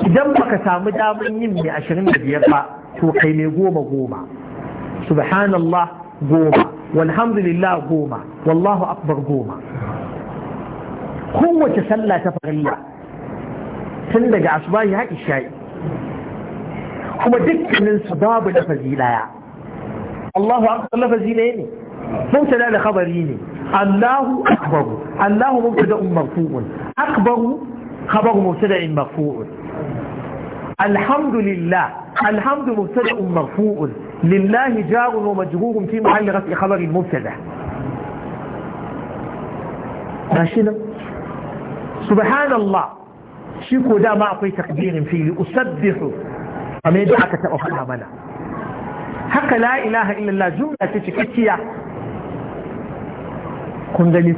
idan baka samu daman yin mai ashirin da biyar ba to kai ne goma goma subhanallah goma والحمد لله قومه والله أكبر قوما قوم وتسلى تفغلية تندق عصبائي هاي الشيء هو دك من صباب الفزيلة الله أكبر الفزيلة يعني ممتدى لخبريني الله أكبر الله ممتدى مرفوع أكبر خبر ممتدى مرفوع الحمد لله الحمد ممتدى مرفوع lillahi jarun wa majrurun fi mahalli rafi khabarin mubtada gashi nan subhanallah shi ko dama akwai takbirin fili usabbihu kamar yadda aka taɓa faɗa mana haka la ilaha illallah jumla ce cikakkiya kun gani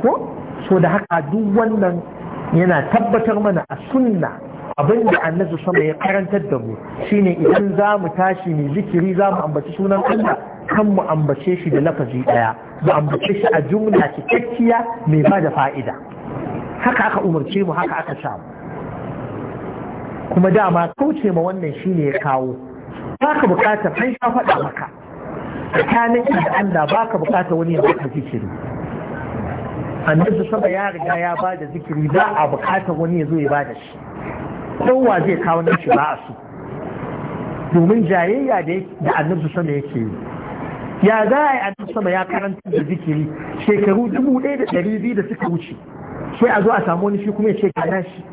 so da haka duk wannan yana tabbatar mana a sunna abin da annabi sama ya karantar da mu shine idan za mu tashi mai zikiri za mu ambaci sunan Allah kan mu ambace shi da lafazi daya mu ambace shi a jumla cikakkiya mai ba da fa'ida haka aka umarce mu haka aka sha mu. kuma dama kauce ma wannan shine ya kawo baka bukata kai ka faɗa maka tsakanin da Allah baka bukata wani ya baka zikiri annabi sama ya riga ya ba da zikiri za a bukatar wani ya zo ya ba da shi kowa zai kawo nan ba a su domin jayayya da annabtu sama yake yi ya za a yi annabtu sama ya karanta da zikiri shekaru dubu ɗaya da ɗari biyu da suka wuce sai a zo a samu wani shi kuma ya ce ka shi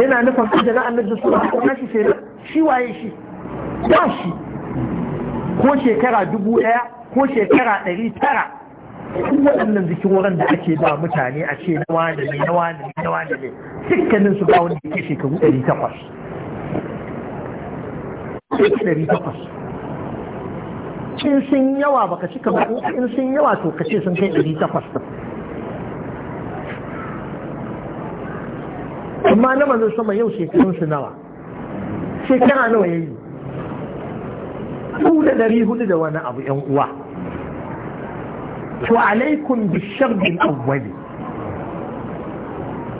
yana nufin da na annabtu sama kuma shi sai shi waye shi ba shi ko shekara dubu ɗaya ko shekara ɗari tara duk waɗannan jikin wurin da ake ba mutane a ce nawa da ne nawa da ne nawa da ne dukkanin su ba wanda ke shekaru ɗari takwas ɗari takwas in sun yawa baka cika ba in sun yawa to ka ce sun kai ɗari takwas amma na manzo sama yau shekarun su nawa shekara nawa yayi yi? da ɗari hudu da wani abu yan uwa to alaikum bisharbil awwali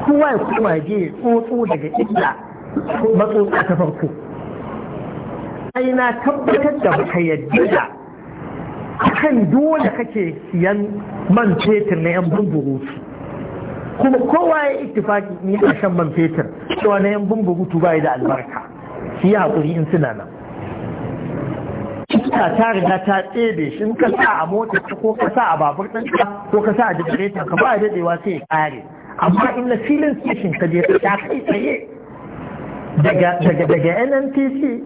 kowa ya kuma je tsotso daga illa matsotsa ta farko ai na tabbatar da baka yadda da kan dole kake siyan man fetur na yan bumburutu kuma kowa ya ittifaki ni a shan man fetur cewa na yan bumburutu ba da albarka shi ya haƙuri in suna nan cuta ta riga ta tsebe shi ka sa a mota ko ka sa a babur ɗinka ko ka sa a jirgin ka ba daɗewa sai ya ƙare amma in na filin station ka je ta kai tsaye daga nnpc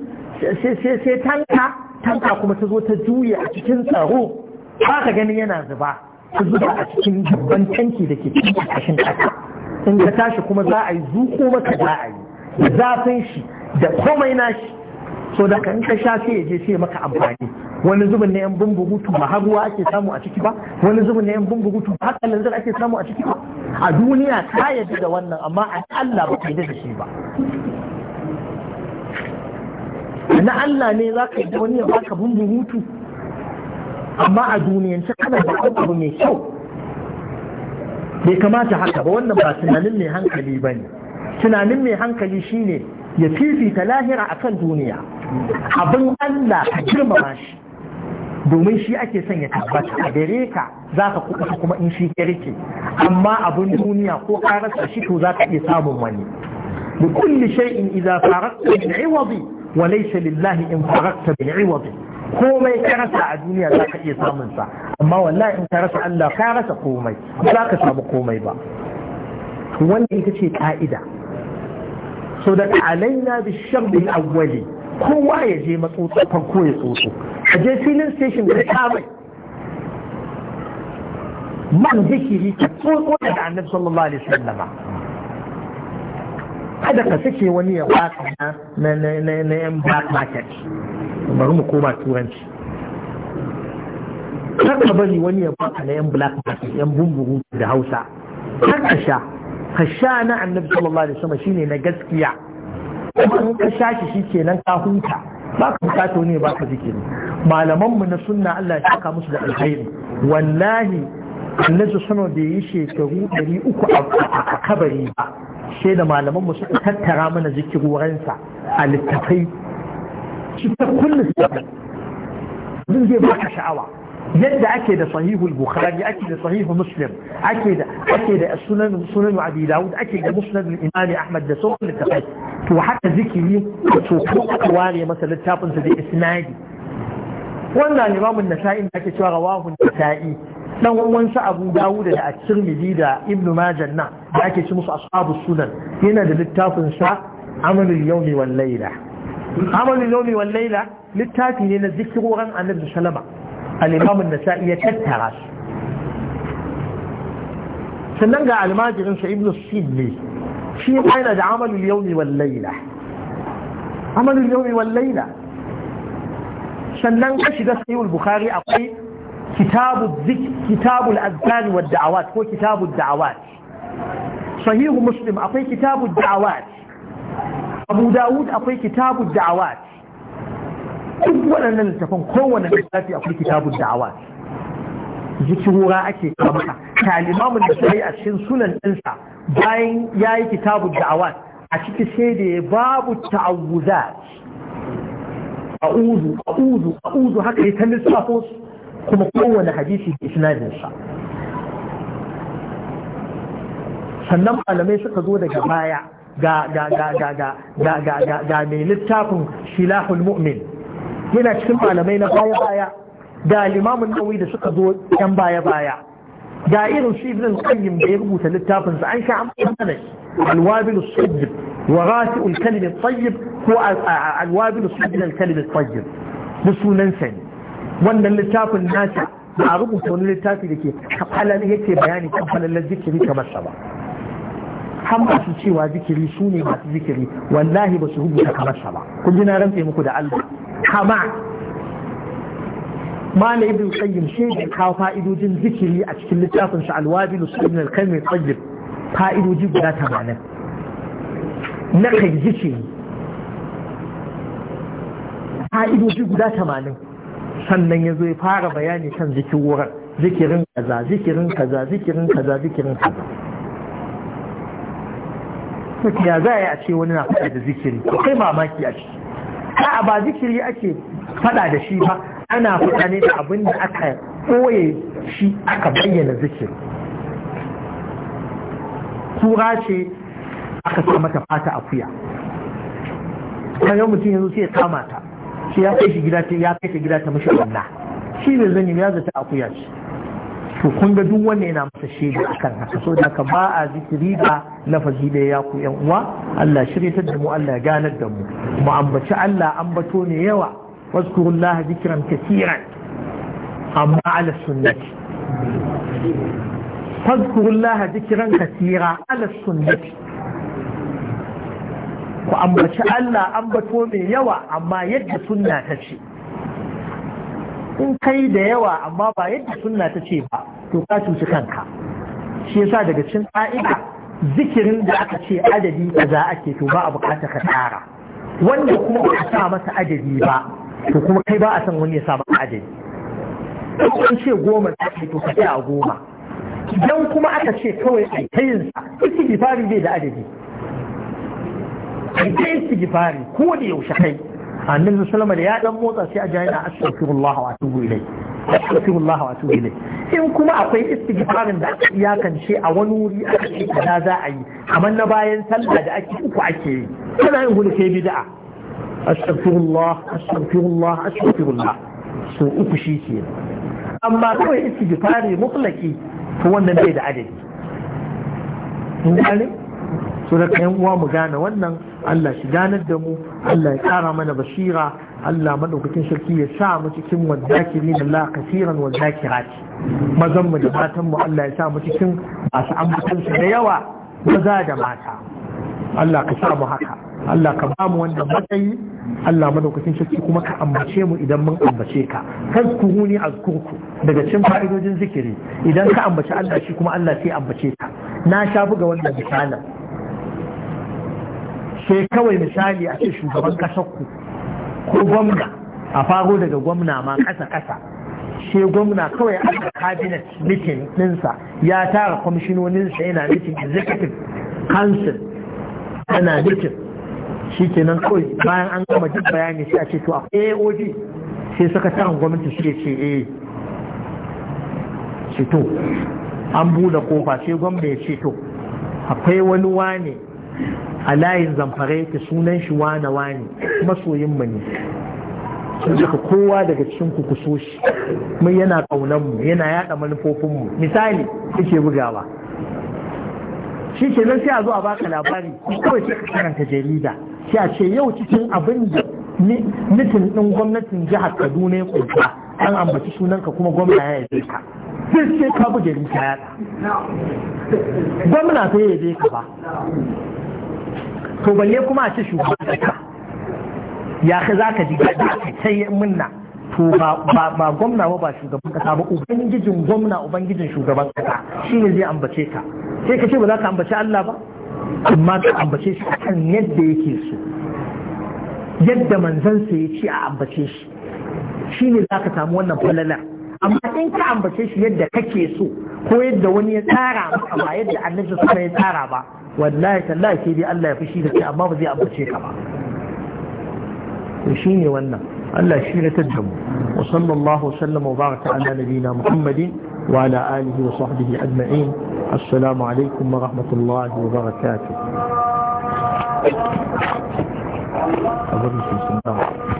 sai tanka tanka kuma ta zo ta juya a cikin tsaro ba ka ganin yana zuba ta zuba a cikin dubban tanki da ke cikin ƙashin ƙasa in ka tashi kuma za a yi zuko maka za a yi zafin shi da komai na shi so da in ka sha sai ya je sai maka amfani wani zubin na yan bumbugutu ba har ruwa ake samu a ciki ba wani zubin na yan bumbugutu ba har kalanzir ake samu a ciki ba a duniya ta yadda da wannan amma a Allah ba ka yadda da shi ba na Allah ne za ka yi wani ya baka bumbugutu amma a duniyance kana da abu mai kyau bai kamata haka ba wannan ba tunanin mai hankali ba ne tunanin mai hankali shine ya fifita lahira akan duniya abin Allah ka girmama shi domin shi ake son ya tabbata a gare ka za ka kuɓuta kuma in shi kirki amma abin duniya ko ka rasa shi to za ka iya samun wani bi kulli shay'in idza faraqta min 'iwadi wa laysa lillahi in faraqta min 'iwadi komai karasa a duniya za ka iya samun sa amma wallahi in ka rasa Allah karasa komai ba za ka samu komai ba wannan ita ce ka'ida so da alaina bi sharri awwali kowa ya je matsotso farko ya tsotso a je filin station da ta mai man zikiri ta tsotso daga annabi sallallahu alaihi wasallam kada ka sake wani ya baka na na na na yan black market bari mu koma turanci kar ka bari wani ya baka na yan black market yan bumburu da hausa kar sha ka sha na annabi sallallahu alaihi wasallam shine na gaskiya kuma ka shaki shi kenan ka huta ba ka bukata ne ba ka zikiri malamanmu na sunna Allah ya saka musu da alheri wallahi annabi suno da yi shekaru uku a kabari ba sai da malamanmu suka tattara mana zikirorinsa a littafai shi ta kullu zai baka sha'awa yadda ake da sahihul bukhari ake da sahihu muslim ake da ake da sunan sunan abi dawud ake da musnad al-imam ahmad da sauran littafai to haka zikiri to ko aka ware masa littafin sa da isnadi wannan imam an-nasa'i da ake cewa rawahu an-nasa'i dan uwansa abu dawud da at-tirmidhi da ibnu majah na da ake ci musu ashabu sunan yana da littafin sa amalul yawmi wal layla amalul yawmi wal layla littafi ne na zikiroran annabi sallama al-imam an-nasa'i tattara su sannan ga almajirin sa ibnu sidli shi yana da amalul yawmi wal layla amalul yawmi wal layla sannan ka shiga sahihul bukhari akwai kitabul zikr kitabul da'awat ko kitabul da'awat sahihu muslim akwai kitabul da'awat abu dawud akwai kitabul da'awat duk waɗannan littafan kowane littafi akwai kitabun da'awa zikirura ake kamata ta limamun da yi a cikin sunan ɗinsa bayan ya yi kitabun da'awa a ciki sai da ya babu ta'awuza a'udu A a'udu haka ya ta lissafo kuma kowane hadisi da isnadinsa sannan malamai suka zo daga baya ga ga ga ga ga ga ga ga mai littafin shilahul yana cikin malamai na baya baya da limamin nawawi da suka zo yan baya baya da irin shi ibn qayyim da ya rubuta littafin sa an sha an fara alwabil as-sajj wa rafi'u al-kalim at-tayyib ko alwabil as-sajj al-kalim at-tayyib da sunan sa wannan littafin nasa da a rubuta wani littafi da ke kafalar yake bayani kan falalar zikiri kamar sa ba han ba su cewa zikiri su ne masu zikiri wallahi ba su rubuta kamar sa ba kun ji na rantse muku da Allah kama na ibn qayyim shi ne kawo fa'idojin zikiri a cikin littafin da su sunan al mai fa'idoji guda tamanin, na kai zikiri fa'idoji guda tamanin sannan ya zo ya fara bayani kan zikirin zikirin kaza zikirin kaza zikirin kaza zikirin kaza ya za a ce wani na faɗa da zikiri kai mamaki a ciki a'a ba zikiri ake fada da shi ba ana fada ne da abin da aka koye shi aka bayyana zikiri kura ce aka sa mata fata akuya yau mutum yanzu sai ya kama ta shi ya kai shi gida ta ya mashi wannan shi ne zan yi ya zata akuya ce to kun ga duk wanda yana masa shaida akan haka so da ba a zikiri da lafazi da ya ku yan uwa Allah shirya da mu Allah ganar da mu mu ambaci Allah ambato ne yawa wazkurullaha zikran kaseeran amma ala sunnati fazkurullaha zikran kaseera ala sunnati ku ambaci Allah ambato mai yawa amma yadda sunna ta ce in kai da yawa amma ba yadda sunna ta ce ba to ka cuci kanka shi yasa daga cikin ka'ida zikirin da aka ce adadi kaza ake to ba a bukata ka tsara wanda kuma ba a sa masa adadi ba to kuma kai ba a san wani ya sa maka adadi an ce goma da ake to ka ce a goma idan kuma aka ce kawai a kayin sa istighfari bai da adadi kai istighfari ko da yaushe kai annabi sallama da ya dan motsa sai a ji yana astaghfirullah wa atubu ilai astaghfirullah wa atubu ilai in kuma akwai istighfarin da aka iyakance a wani wuri aka ce kaza za a yi amma na bayan sallah da ake uku ake yi kana yin gudu sai bid'a astaghfirullah astaghfirullah astaghfirullah so uku shi ke amma kawai istighfari mutlaki to wannan bai da adadi in gane so da kayan uwa mu gane wannan Allah shi ganar da mu Allah ya kara mana basira Allah maɗaukacin sarki ya sa mu cikin da Allah kasiran wadakirat mazan mu da matan mu Allah ya sa mu cikin masu ambatan da yawa maza da mata Allah ka sa mu haka Allah ka ba mu wanda matsayi Allah maɗaukacin sarki kuma ka ambace mu idan mun ambace ka a azkurku daga cikin fa'idojin zikiri idan ka ambace Allah shi kuma Allah sai ambace ka na sha buga wannan misalin sai kawai misali a ce shugaban ƙasar ku ko gwamna a faro daga gwamna ma ƙasa ƙasa sai gwamna kawai a cabinet meeting ɗinsa ya tara kwamishinoninsa yana meeting executive council yana meeting shi kenan kawai bayan an gama duk bayani sai a ce to a AOD sai sakataren gwamnati shi ce eh ce to an bude kofa sai gwamna ya ce to akwai wani wane a layin zamfara yake sunan shi wane wane masoyin mu ne sun jika kowa daga cikin ku kuso shi mai yana kaunan mu yana yada manufofin mu misali kike bugawa shi ke nan sai a zo a baka labari kawai sai ka karanta jarida sai a ce yau cikin abin da mitin ɗin gwamnatin jihar Kaduna ya kunta an ambaci sunanka kuma gwamna ya yabe ka sai sai ka buge jarida ya gwamna sai ya yabe ka ba to balle kuma a ce shugaban kasa ya ka za ka ji gaji sai munna to ba gwamna ba ba shugaban kasa ba ubangijin gwamna ubangijin shugaban kasa shi ne zai ambace ka sai ka ce ba za ka ambace Allah ba amma ka ambace shi kan yadda yake so yadda manzansa ya ce a ambace shi shi ne za ka samu wannan falalar amma in ka ambace shi yadda kake so ko yadda wani ya tsara maka ba yadda annabi sama ya tsara ba wallahi tallahi sai dai Allah ya fushi da kai amma ba zai ambace ka ba to shine wannan Allah shi ne tadda mu wa sallallahu sallama wa baraka ala nabiyina Muhammadin wa ala alihi wa sahbihi ajma'in assalamu alaikum wa rahmatullahi wa barakatuh